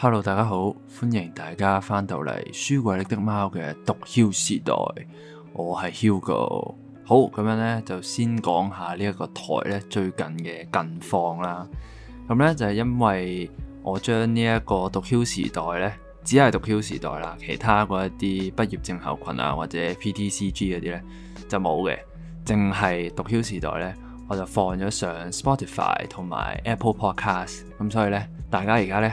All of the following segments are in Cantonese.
hello，大家好，歡迎大家翻到嚟《書櫃力的貓》嘅《獨囂時代》，我係 Hugo。好，咁樣呢就先講下呢一個台咧最近嘅近況啦。咁、嗯、呢就係、是、因為我將呢一個《獨囂時代》呢，只係《獨囂時代》啦，其他嗰一啲畢業症候群啊或者 PTCG 嗰啲呢，就冇嘅，淨係《獨囂時代》呢，我就放咗上 Spotify 同埋 Apple Podcast，咁所以呢，大家而家呢。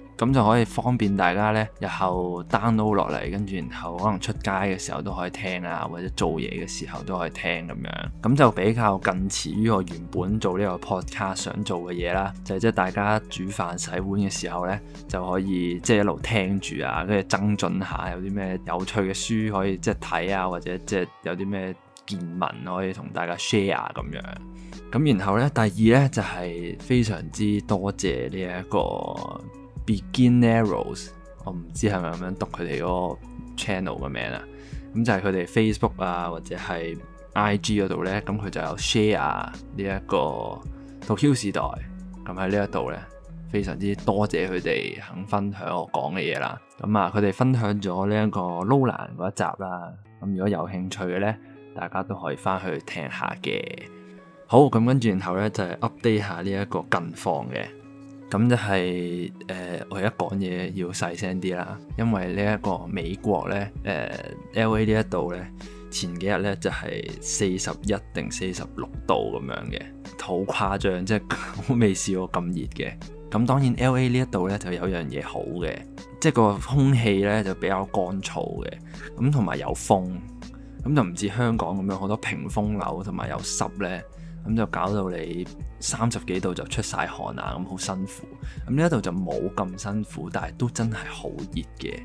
咁就可以方便大家呢，日後 download 落嚟，跟住然後可能出街嘅時候都可以聽啊，或者做嘢嘅時候都可以聽咁樣。咁就比較近似於我原本做呢個 podcast 想做嘅嘢啦，就係即係大家煮飯洗碗嘅時候呢，就可以即係、就係、一路聽住啊，跟住增進下有啲咩有趣嘅書可以即係睇啊，或者即係有啲咩見聞可以同大家 share 咁樣。咁然後呢，第二呢，就係、係、非常之多謝呢、呢、一個。Beginneros, 我唔知係咪咁樣讀佢哋個 channel 嘅名啦。咁就係佢哋 Facebook 啊，或者係 IG 嗰度呢。咁佢就有 share 呢、這、一個《Tokyo 時代》。咁喺呢一度呢，非常之多謝佢哋肯分享我講嘅嘢啦。咁啊，佢哋分享咗呢一個撈男嗰一集啦。咁如果有興趣嘅呢，大家都可以翻去聽下嘅。好，咁跟住然後呢，就係、是、update 下呢一個近況嘅。咁就係、是、誒、呃，我而家講嘢要細聲啲啦，因為呢一個美國咧，誒、呃、L A 呢一度呢，前幾日呢就係四十一定四十六度咁樣嘅，好誇張，即係我未試過咁熱嘅。咁當然 L A 呢一度呢就有樣嘢好嘅，即係個空氣呢就比較乾燥嘅，咁同埋有風，咁就唔似香港咁樣好多屏風樓同埋有濕呢。咁就搞到你三十幾度就出晒汗啦！咁好辛苦。咁呢一度就冇咁辛苦，但係都真係好熱嘅。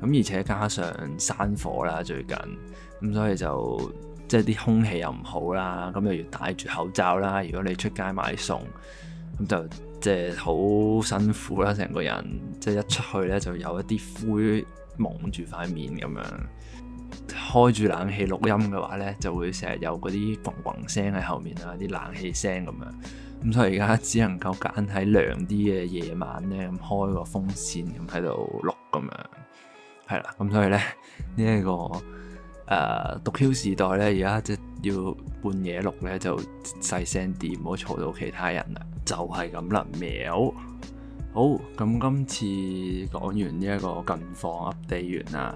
咁而且加上山火啦，最近咁，所以就即係啲空氣又唔好啦。咁又要戴住口罩啦。如果你出街買餸，咁就即係好辛苦啦。成個人即係一出去咧，就有一啲灰蒙住塊面咁樣。開住冷氣錄音嘅話咧，就會成日有嗰啲嗡嗡聲喺後面啊，啲冷氣聲咁樣。咁所以而家只能夠揀喺涼啲嘅夜晚咧，咁開個風扇咁喺度錄咁樣係啦。咁所以咧呢一、這個誒、呃、讀 Q 時代咧，而家即要半夜錄咧就細聲啲，唔好嘈到其他人啦。就係咁啦，喵。好，咁今次講完呢一個近況 update 完啦，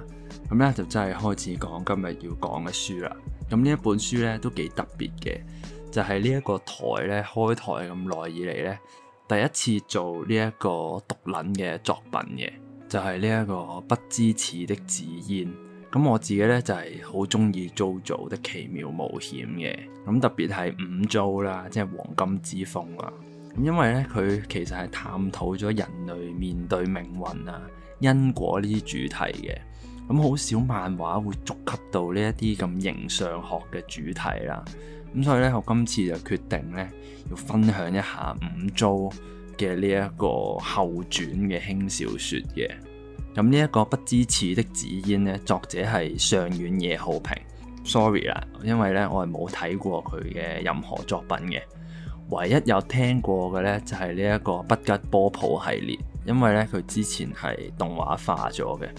咁咧就真係開始講今日要講嘅書啦。咁呢一本書咧都幾特別嘅，就係呢一個台咧開台咁耐以嚟咧，第一次做呢一個獨撚嘅作品嘅，就係呢一個不知恥的紫嫣。咁我自己咧就係好中意 JoJo 的奇妙冒險嘅，咁特別係五租啦，即係黃金之風啦。因為咧，佢其實係探討咗人類面對命運啊、因果呢啲主題嘅。咁好少漫畫會觸及到呢一啲咁形上學嘅主題啦。咁所以咧，我今次就決定咧，要分享一下五租嘅呢一個後傳嘅輕小說嘅。咁呢一個不知恥的紫煙呢，作者係上遠野浩平。Sorry 啦，因為咧我係冇睇過佢嘅任何作品嘅。唯一有聽過嘅呢，就係呢一個不吉波普系列，因為呢，佢之前係動畫化咗嘅，咁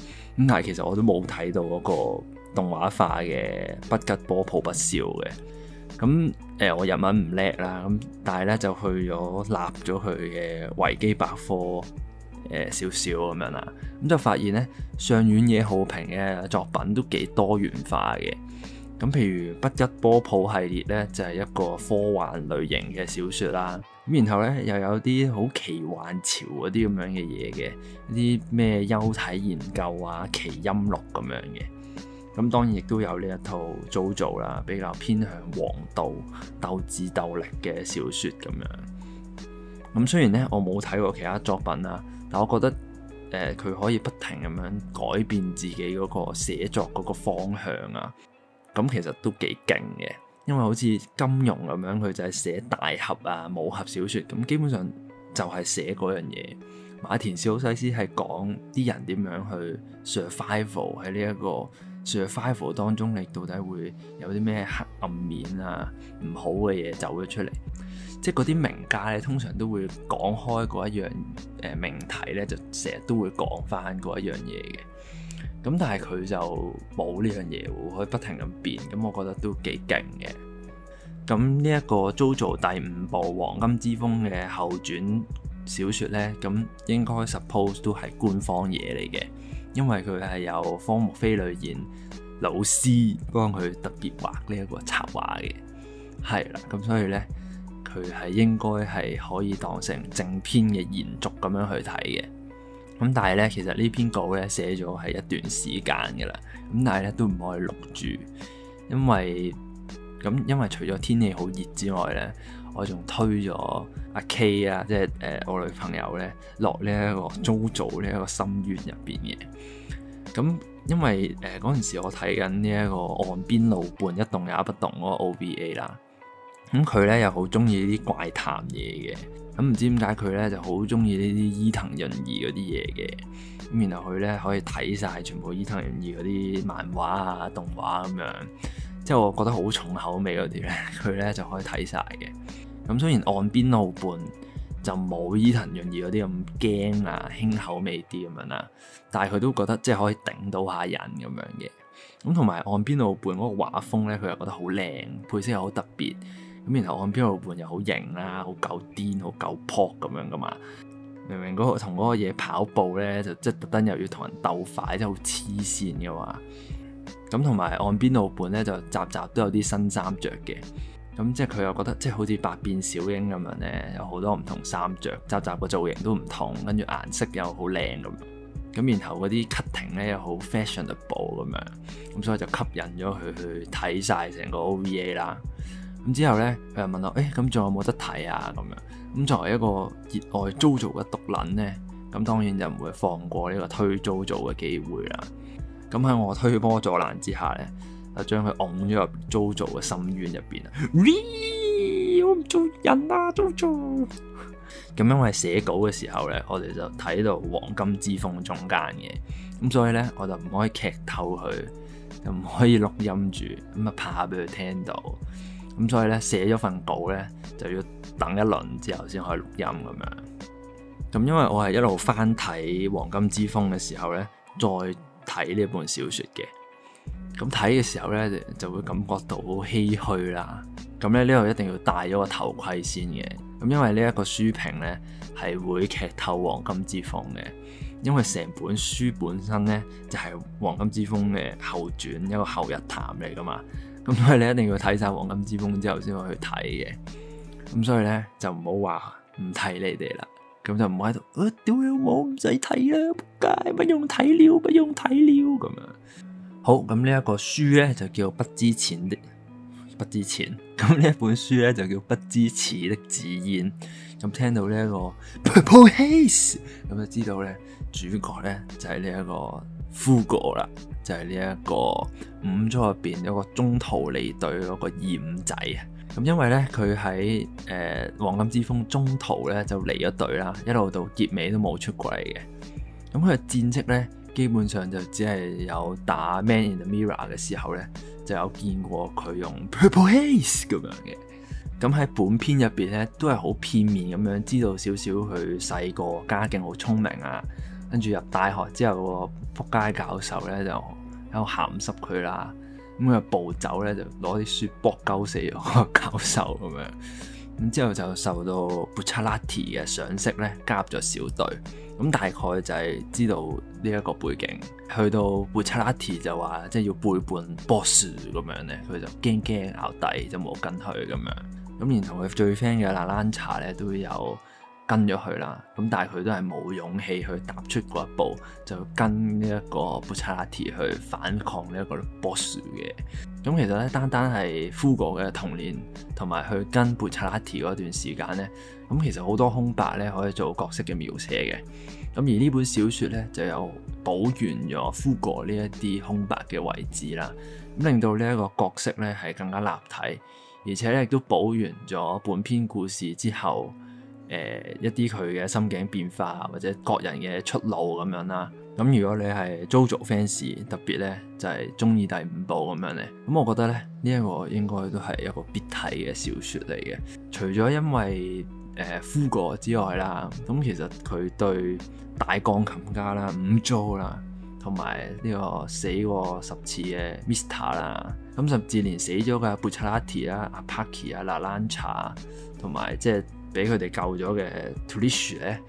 但係其實我都冇睇到嗰個動畫化嘅不吉波普不笑嘅，咁誒、呃、我日文唔叻啦，咁但係呢，就去咗立咗佢嘅維基百科、呃、少少咁樣啦，咁就發現呢，上遠野浩平嘅作品都幾多元化嘅。咁譬如《不吉波普》系列呢，就係、是、一個科幻類型嘅小說啦。咁然後呢，又有啲好奇幻潮嗰啲咁樣嘅嘢嘅，啲咩幽體研究啊、奇音樂咁樣嘅。咁當然亦都有呢一套《JoJo》啦，比較偏向黃道鬥智鬥力嘅小說咁樣。咁雖然呢，我冇睇過其他作品啊，但我覺得佢、呃、可以不停咁樣改變自己嗰個寫作嗰個方向啊。咁其實都幾勁嘅，因為好似金庸咁樣，佢就係寫大俠啊、武俠小説，咁基本上就係寫嗰樣嘢。馬田史高西斯係講啲人點樣去 survival 喺呢一個 survival 當中，你到底會有啲咩黑暗面啊、唔好嘅嘢走咗出嚟？即係嗰啲名家咧，通常都會講開嗰一樣誒命題咧，就成日都會講翻嗰一樣嘢嘅。咁但係佢就冇呢樣嘢喎，可以不停咁變，咁我覺得都幾勁嘅。咁呢一個《JoJo》第五部《黃金之風》嘅後傳小説呢，咁應該 suppose 都係官方嘢嚟嘅，因為佢係由荒木飛呂彥老師幫佢特別畫呢一個插畫嘅，係啦，咁所以呢，佢係應該係可以當成正篇嘅延續咁樣去睇嘅。咁但係咧，其實呢篇稿咧寫咗係一段時間嘅啦。咁但係咧都唔可以錄住，因為咁因為除咗天氣好熱之外咧，我仲推咗阿 K 啊，即係誒我女朋友咧落呢一個 JoJo 呢一個深淵入邊嘅。咁因為誒嗰陣時我睇緊呢一個岸邊露伴一動也不動嗰個 OVA 啦。咁佢咧又好中意啲怪談嘢嘅。咁唔知點解佢咧就好中意呢啲伊藤潤二嗰啲嘢嘅，咁然後佢咧可以睇晒全部伊藤潤二嗰啲漫畫啊、動畫咁樣，即係我覺得好重口味嗰啲咧，佢咧就可以睇晒嘅。咁雖然《岸邊露伴》就冇伊藤潤二嗰啲咁驚啊、輕口味啲咁樣啦，但係佢都覺得即係可以頂到下人咁樣嘅。咁同埋《岸邊露伴》嗰個畫風咧，佢又覺得好靚，配色又好特別。咁然後岸邊露伴又好型啦，好狗癲，好狗撲咁樣噶嘛，明明嗰同嗰個嘢跑步咧，就即係特登又要同人鬥快，即係好黐線嘅嘛。咁同埋岸邊露伴咧就集集都有啲新衫着嘅，咁即係佢又覺得即係好似百變小櫻咁樣咧，有好多唔同衫着，集集個造型都唔同，跟住顏色又好靚咁。咁然後嗰啲 cutting 咧又好 fashionable 咁樣，咁所以就吸引咗佢去睇晒成個 OVA 啦。咁之後呢，佢又問我：誒、欸，咁仲有冇得睇啊？咁樣。咁作為一個熱愛 JoJo 嘅毒撚呢，咁當然就唔會放過呢個推 JoJo 嘅機會啦。咁喺我推波助瀾之下呢，就將佢掹咗入 JoJo 嘅深淵入邊、呃、啊！我唔做人啦，JoJo。咁因為寫稿嘅時候呢，我哋就睇到黃金之風中間嘅，咁所以呢，我就唔可以劇透佢，又唔可以錄音住，咁啊怕俾佢聽到。咁所以咧寫咗份稿咧就要等一輪之後先可以錄音咁樣。咁因為我係一路翻睇《黃金之風》嘅時候咧，再睇呢本小説嘅。咁睇嘅時候咧就會感覺到好唏噓啦。咁咧呢度一定要戴咗個頭盔先嘅。咁因為呢一個書評咧係會劇透《黃金之風》嘅，因為成本書本身咧就係《黃金之風》嘅後傳，一個後日談嚟㗎嘛。咁所以你一定要睇晒《黃金之風》之後先可以去睇嘅，咁所以咧就唔好話唔睇你哋啦，咁就唔好喺度，屌你老母」，唔使睇啦，仆街，不用睇了，不用睇了咁樣！好，咁呢一個書咧就叫不《不知錢的》，不知錢，咁呢一本書咧就叫《不知恥的自然》，咁聽到呢、這、一個 Purple Haze 咁就知道咧主角咧就係呢一個。呼過啦，就係呢一個五組入邊嗰個中途離隊嗰個二五仔啊！咁因為咧，佢喺誒《黃金之風》中途咧就離咗隊啦，一路到結尾都冇出過嚟嘅。咁佢嘅戰績咧，基本上就只係有打《Man in the Mirror》嘅時候咧，就有見過佢用 Purple Haze 咁樣嘅。咁喺本片入邊咧，都係好片面咁樣知道少少佢細個家境，好聰明啊，跟住入大學之後、那個。福佳教授咧就喺度鹹濕佢啦，咁佢暴走咧就攞啲書搏鳩死咗個教授咁樣，咁之後就受到 Bucciarati 嘅賞識咧加入咗小隊，咁大概就係知道呢一個背景，去到 Bucciarati 就話即係要背叛 boss 咁樣咧，佢就驚驚咬底就冇跟佢咁樣，咁然後佢最 friend 嘅拿蘭恰咧都有。跟咗佢啦，咁但係佢都係冇勇氣去踏出嗰一步，就跟呢一個布查拉提去反抗呢一個 boss 嘅。咁其實咧，單單係 Fugo 嘅童年同埋去跟布查拉提嗰段時間咧，咁其實好多空白咧可以做角色嘅描寫嘅。咁而呢本小説咧就有補完咗 Fugo 呢一啲空白嘅位置啦，咁令到呢一個角色咧係更加立體，而且咧亦都補完咗本篇故事之後。誒、呃、一啲佢嘅心境變化，或者各人嘅出路咁樣啦。咁如果你係 JoJo fans，特別呢就係、是、鍾意第五部咁樣呢。咁我覺得呢，呢、這、一個應該都係一個必睇嘅小説嚟嘅。除咗因為誒敷、呃、過之外啦，咁其實佢對大鋼琴家啦，五 Jo 啦，同埋呢個死過十次嘅 Mista 啦、啊，咁甚至連死咗嘅 Bucciarati 啊、Abbacchio 啊、Narancia 同埋即、就、係、是。俾佢哋救咗嘅 Tulish 咧，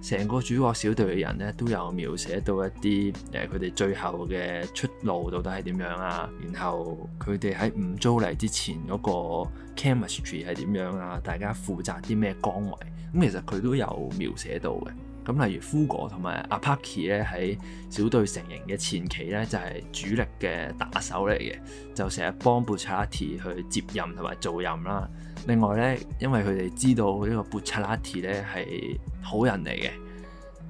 成個主角小隊嘅人咧都有描寫到一啲誒，佢哋最後嘅出路到底係點樣啊？然後佢哋喺唔租嚟之前嗰個 chemistry 係點樣啊？大家負責啲咩崗位？咁其實佢都有描寫到嘅。咁例如夫哥同埋阿 Paki 咧喺小隊成型嘅前期咧，就係主力嘅打手嚟嘅，就成日幫布查拉提去接任同埋做任啦。另外咧，因為佢哋知道呢個布查拉提咧係好人嚟嘅，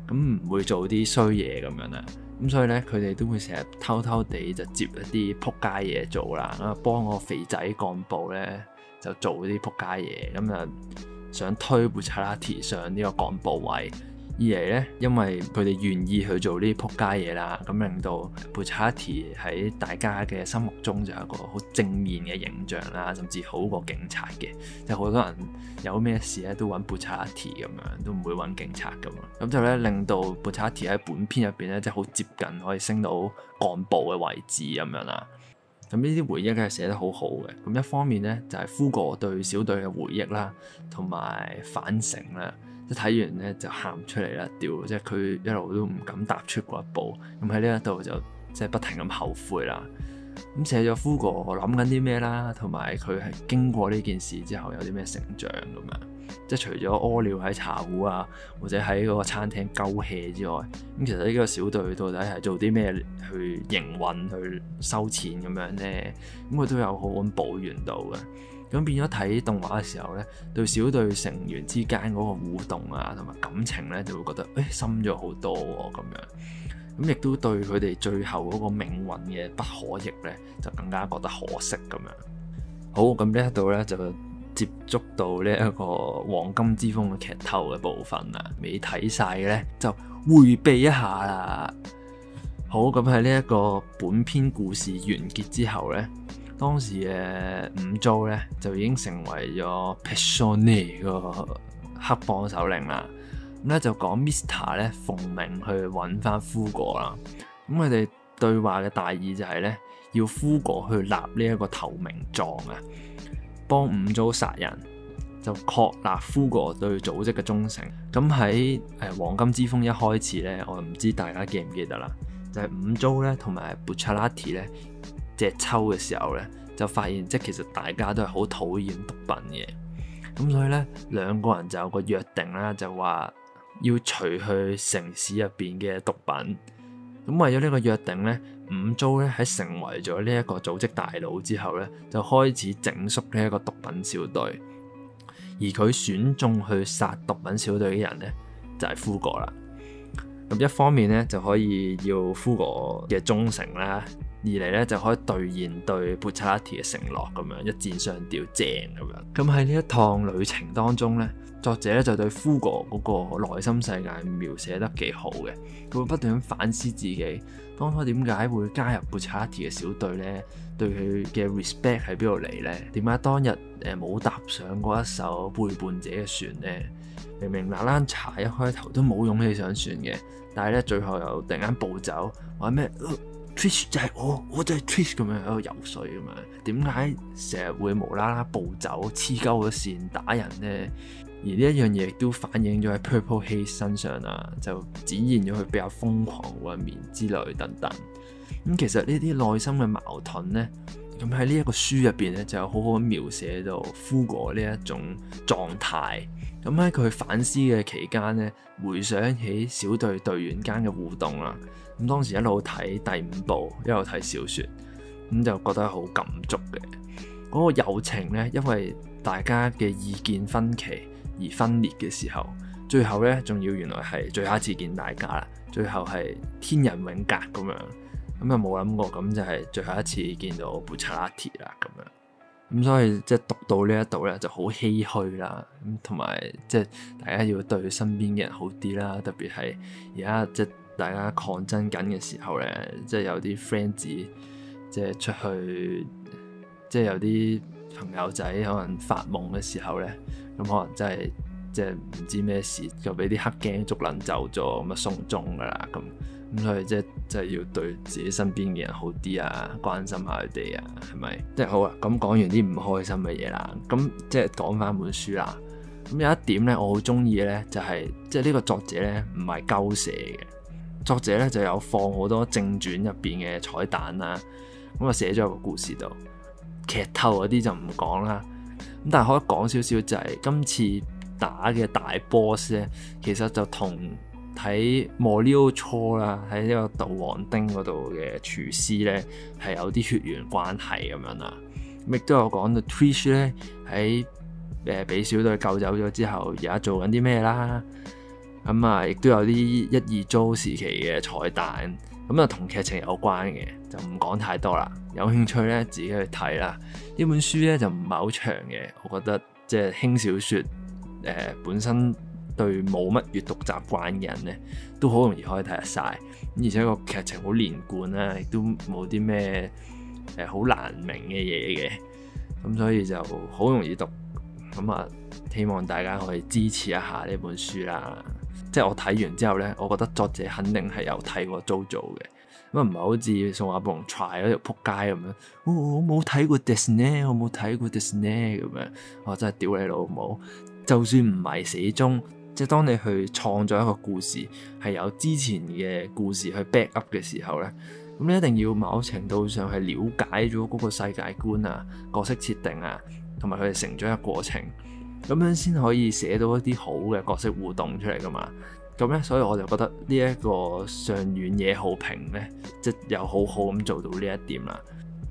咁唔會做啲衰嘢咁樣啦。咁所以咧，佢哋都會成日偷偷地就接一啲撲街嘢做啦，咁啊幫個肥仔幹部咧就做啲撲街嘢，咁啊想推布查拉提上呢個幹部位。二嚟咧，因為佢哋願意去做呢啲撲街嘢啦，咁令到 Buchaty 喺大家嘅心目中就係一個好正面嘅形象啦，甚至好過警察嘅，即係好多人有咩事咧都揾 Buchaty 咁樣，都唔會揾警察咁咯。咁就咧令到 Buchaty 喺本片入邊咧即係好接近可以升到幹部嘅位置咁樣啦。咁呢啲回憶係寫得好好嘅。咁一方面咧就係呼過對小隊嘅回憶啦，同埋反省啦。即係睇完咧就喊出嚟啦，屌！即係佢一路都唔敢踏出嗰一步，咁喺呢一度就即係不停咁後悔啦。咁寫咗 Fugo 諗緊啲咩啦，同埋佢係經過呢件事之後有啲咩成長咁樣。即係除咗屙尿喺茶壺啊，或者喺嗰個餐廳鳩嘢之外，咁其實呢個小隊到底係做啲咩去營運、去收錢咁樣咧？咁佢都有好咁補完到嘅。咁變咗睇動畫嘅時候呢，對小隊成員之間嗰個互動啊，同埋感情呢，就會覺得誒、欸，深咗好多喎啊，咁樣。咁亦都對佢哋最後嗰個命運嘅不可逆呢，就更加覺得可惜咁樣。好，咁呢一度呢，就接觸到呢一個黃金之風嘅劇透嘅部分啦。未睇晒嘅呢，就回避一下啦。好，咁喺呢一個本篇故事完結之後呢。當時嘅五租咧就已經成為咗 Passione 嘅個黑幫首領啦。咁咧就講 Mister 咧奉命去揾翻 Fugo 啦。咁佢哋對話嘅大意就係、是、咧要 Fugo 去立呢一個投名狀啊，幫五租殺人，就確立 Fugo 對組織嘅忠誠。咁喺誒黃金之風一開始咧，我唔知大家記唔記得啦，就係、是、五租咧同埋 Bucciarati 咧。即抽嘅時候咧，就發現即其實大家都係好討厭毒品嘅，咁所以咧兩個人就有個約定啦，就話要除去城市入邊嘅毒品。咁為咗呢個約定咧，五租咧喺成為咗呢一個組織大佬之後咧，就開始整肅呢一個毒品小隊，而佢選中去殺毒品小隊嘅人咧，就係 Fugo 啦。咁一方面咧就可以要 Fugo 嘅忠誠啦。二嚟咧就可以兌現對布查拉提嘅承諾，咁樣一箭雙雕，正咁樣。咁喺呢一趟旅程當中咧，作者咧就對 Fugo 嗰個內心世界描寫得幾好嘅。佢會不斷反思自己，當初點解會加入布查拉提嘅小隊咧？對佢嘅 respect 喺邊度嚟咧？點解當日誒冇搭上嗰一艘背叛者嘅船咧？明明嗱嗱踩一開頭都冇勇氣上船嘅，但係咧最後又突然間暴走話咩？Trish 就係我，我就係 Trish 咁樣喺度游水咁樣，點解成日會無啦啦暴走、黐鳩咗線、打人呢？而呢一樣嘢亦都反映咗喺 Purple Haze 身上啦，就展現咗佢比較瘋狂一面之類等等。咁、嗯、其實呢啲內心嘅矛盾呢。咁喺呢一個書入邊咧，就好好描寫到枯槁呢一種狀態。咁喺佢反思嘅期間呢，回想起小隊隊員間嘅互動啦。咁、嗯、當時一路睇第五部，一路睇小説，咁、嗯、就覺得好感觸嘅嗰、那個友情呢。因為大家嘅意見分歧而分裂嘅時候，最後呢，仲要原來係最後一次見大家啦。最後係天人永隔咁樣。咁又冇諗過，咁就係最後一次見到布查拉提啦，咁樣，咁所以即係讀到呢一度咧，就好唏噓啦，咁同埋即係大家要對身邊嘅人好啲啦，特別係而家即係大家抗爭緊嘅時候咧，即係有啲 friends 即係出去，即係有啲朋友仔可能發夢嘅時候咧，咁可能真係即係唔知咩事，就俾啲黑鏡捉攬走咗，咁啊送中噶啦咁。咁所以即即係要對自己身邊嘅人好啲啊，關心下佢哋啊，係咪？即係好啊！咁講完啲唔開心嘅嘢啦，咁即係講翻本書啦。咁有一點咧，我好中意咧，就係即係呢個作者咧唔係鳩寫嘅。作者咧就有放好多正傳入邊嘅彩蛋啊。咁啊寫咗個故事度，劇透嗰啲就唔講啦。咁但係可以講少少就係今次打嘅大 boss 咧，其實就同。睇莫里奧初啦，喺呢個道王丁嗰度嘅廚師咧，係有啲血緣關係咁樣啦。亦都有講到 Twitch 咧喺誒俾小隊救走咗之後，而家做緊啲咩啦？咁、嗯、啊，亦都有啲一二周時期嘅彩蛋，咁啊同劇情有關嘅，就唔講太多啦。有興趣咧自己去睇啦。呢本書咧就唔係好長嘅，我覺得即係輕小說誒、呃、本身。對冇乜閱讀習慣嘅人咧，都好容易可以睇得晒，咁而且個劇情好連貫啦，亦都冇啲咩誒好難明嘅嘢嘅，咁所以就好容易讀，咁啊，希望大家可以支持一下呢本書啦。即係我睇完之後咧，我覺得作者肯定係有睇過 JoJo 嘅，咁啊唔係好似《宋亞鵬 Try》嗰條撲街咁樣，我冇睇過 Disney，我冇睇過 Disney 咁樣，我真係屌你老母，就算唔係死忠。即係當你去創作一個故事，係有之前嘅故事去 back up 嘅時候咧，咁你一定要某程度上係了解咗嗰個世界觀啊、角色設定啊，同埋佢哋成長嘅過程，咁樣先可以寫到一啲好嘅角色互動出嚟噶嘛。咁咧，所以我就覺得呢一個上遠野浩平咧，即係又好好咁做到呢一點啦。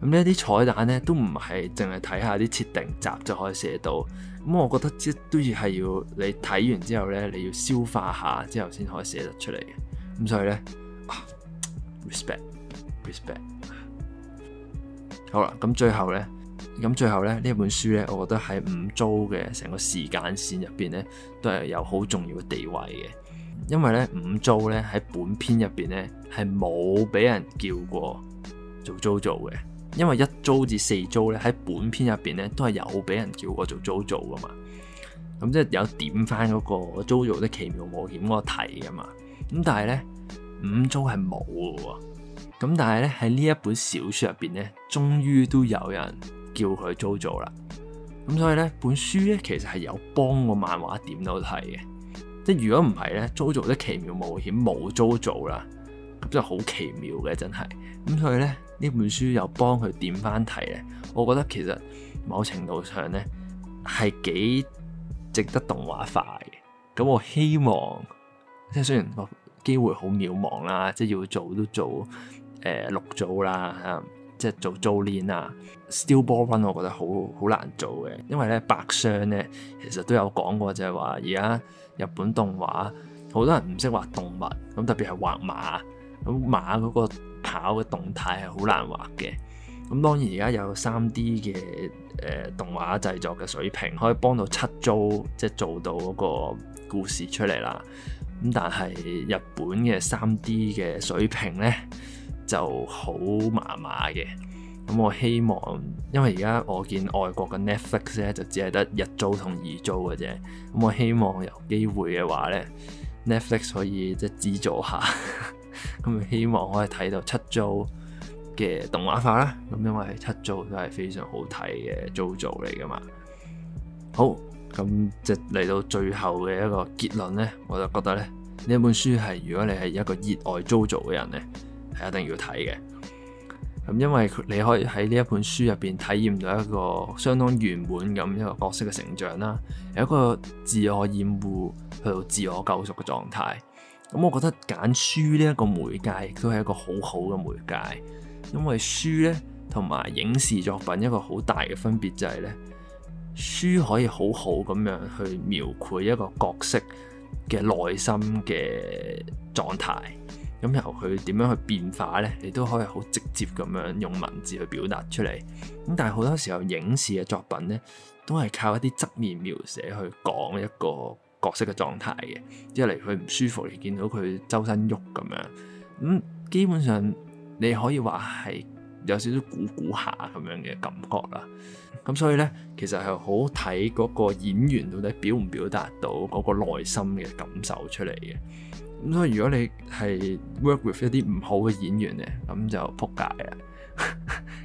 咁呢一啲彩蛋咧，都唔係淨係睇下啲設定集就可以寫到。咁我覺得即都要係要你睇完之後咧，你要消化下之後先可以寫得出嚟嘅。咁所以咧，啊，respect，respect。好啦，咁最後咧，咁最後咧，呢一本書咧，我覺得喺五租嘅成個時間線入邊咧，都係有好重要嘅地位嘅。因為咧，五租咧喺本篇入邊咧係冇俾人叫過做租做嘅。因為一租至四租咧，喺本篇入邊咧都係有俾人叫我做租做噶嘛，咁即係有點翻嗰、嗰個租做的奇妙冒險嗰個題噶嘛，咁但係咧五租係冇嘅，咁但係咧喺呢一本小說入邊咧，終於都有人叫佢租做啦，咁所以咧本書咧其實係有幫個漫畫點到題嘅，即係如果唔係咧，租做的奇妙冒險冇租做啦，咁就好奇妙嘅真係，咁所以咧。呢本書又幫佢點翻題咧，我覺得其實某程度上咧係幾值得動畫化嘅。咁我希望即係雖然個機會好渺茫啦，即係要做都做誒六、呃、組啦，即係做租練啊。Stillborn 我覺得好好難做嘅，因為咧白箱咧其實都有講過就，就係話而家日本動畫好多人唔識畫動物，咁特別係畫馬，咁馬嗰、嗰個。跑嘅動態係好難畫嘅，咁當然而家有三 D 嘅誒、呃、動畫製作嘅水平，可以幫到七租即係、就是、做到嗰個故事出嚟啦。咁但係日本嘅三 D 嘅水平咧就好麻麻嘅。咁我希望，因為而家我見外國嘅 Netflix 咧就只係得一租同二租嘅啫。咁我希望有機會嘅話咧，Netflix 可以即係、就是、資助下。 咁希望可以睇到七灶嘅動畫化啦，咁因為七灶都係非常好睇嘅糟糟嚟㗎嘛。好，咁即嚟到最後嘅一個結論呢，我就覺得呢呢一本書係如果你係一個熱愛糟糟嘅人呢，係一定要睇嘅。咁因為你可以喺呢一本書入邊體驗到一個相當圓滿咁一個角色嘅成長啦，有一個自我厭惡去到自我救贖嘅狀態。咁我覺得揀書呢一個媒介，都係一個好好嘅媒介，因為書咧同埋影視作品一個好大嘅分別就係咧，書可以好好咁樣去描繪一個角色嘅內心嘅狀態，咁由佢點樣去變化咧，你都可以好直接咁樣用文字去表達出嚟。咁但係好多時候影視嘅作品咧，都係靠一啲側面描寫去講一個角色嘅狀態嘅，一嚟佢唔舒服，你見到佢周身喐咁樣，咁、嗯、基本上你可以話係有少少鼓鼓下咁樣嘅感覺啦。咁所以呢，其實係好睇嗰個演員到底表唔表達到嗰個內心嘅感受出嚟嘅。咁、嗯、所以如果你係 work with 一啲唔好嘅演員呢，咁就撲街啊！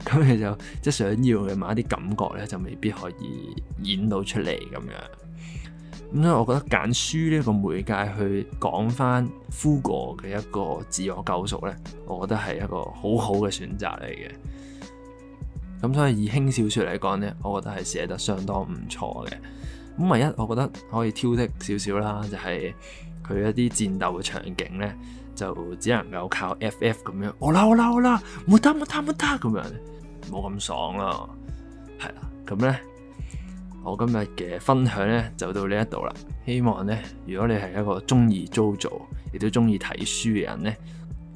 咁 你就即係、就是、想要嘅某一啲感覺呢，就未必可以演到出嚟咁樣。咁、嗯、所以，我覺得揀書呢個媒介去講翻《夫過》嘅一個自我救贖呢，我覺得係一個好好嘅選擇嚟嘅。咁所以，以輕小說嚟講呢，我覺得係寫得相當唔錯嘅。咁唯一我覺得可以挑剔少少啦，就係佢一啲戰鬥嘅場景呢，就只能夠靠 FF 咁樣，我撈我撈我撈啦，冇得冇得冇得咁樣，冇咁爽咯。係啦，咁呢。我今日嘅分享呢，就到呢一度啦。希望呢，如果你係一個中意做做，亦都中意睇書嘅人呢，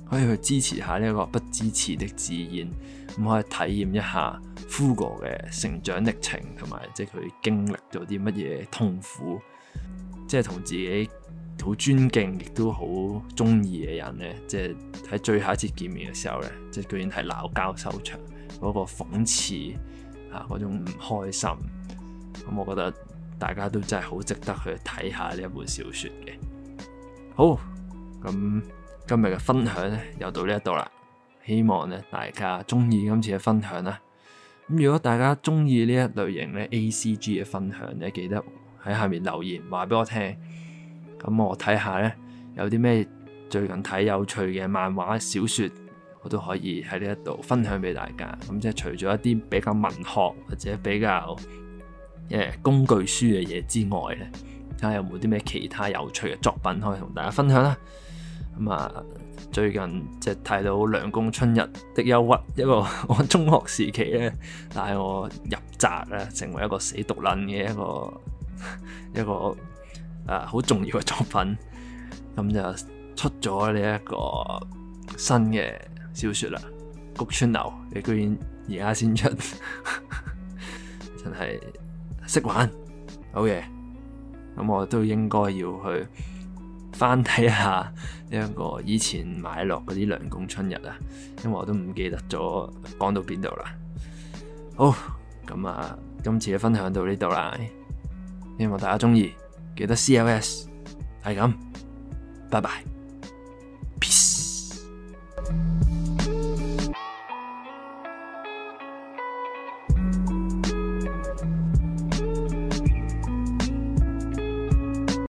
可以去支持下呢一個不支持的自然，咁可以體驗一下夫哥嘅成長歷程，同埋即係佢經歷咗啲乜嘢痛苦，即係同自己好尊敬亦都好中意嘅人呢。即係喺最後一次見面嘅時候呢，即、就、係、是、居然係鬧交收場，嗰、那個諷刺嚇嗰種唔開心。咁我覺得大家都真係好值得去睇下呢一本小說嘅。好，咁今日嘅分享呢，又到呢一度啦。希望呢，大家中意今次嘅分享啦。咁如果大家中意呢一類型呢 ACG 嘅分享，呢記得喺下面留言話俾我聽。咁我睇下呢，有啲咩最近睇有趣嘅漫畫小說，我都可以喺呢一度分享俾大家。咁即係除咗一啲比較文學或者比較。誒、yeah，工具書嘅嘢之外咧，睇下有冇啲咩其他有趣嘅作品可以同大家分享啦。咁、嗯、啊，最近即係睇到《涼宮春日的憂鬱》，一個 我中學時期咧帶我入宅啊，成為一個死毒撚嘅一個 一個啊好重要嘅作品。咁、嗯、就出咗呢一個新嘅小説啦，《谷川流》你居然而家先出， 真係～識玩，好嘢，咁我都應該要去翻睇下呢一個以前買落嗰啲《涼宮春日》啊，因為我都唔記得咗講到邊度啦。好，咁啊，今次就分享到呢度啦，希望大家鍾意，記得 CLS 係咁，拜拜。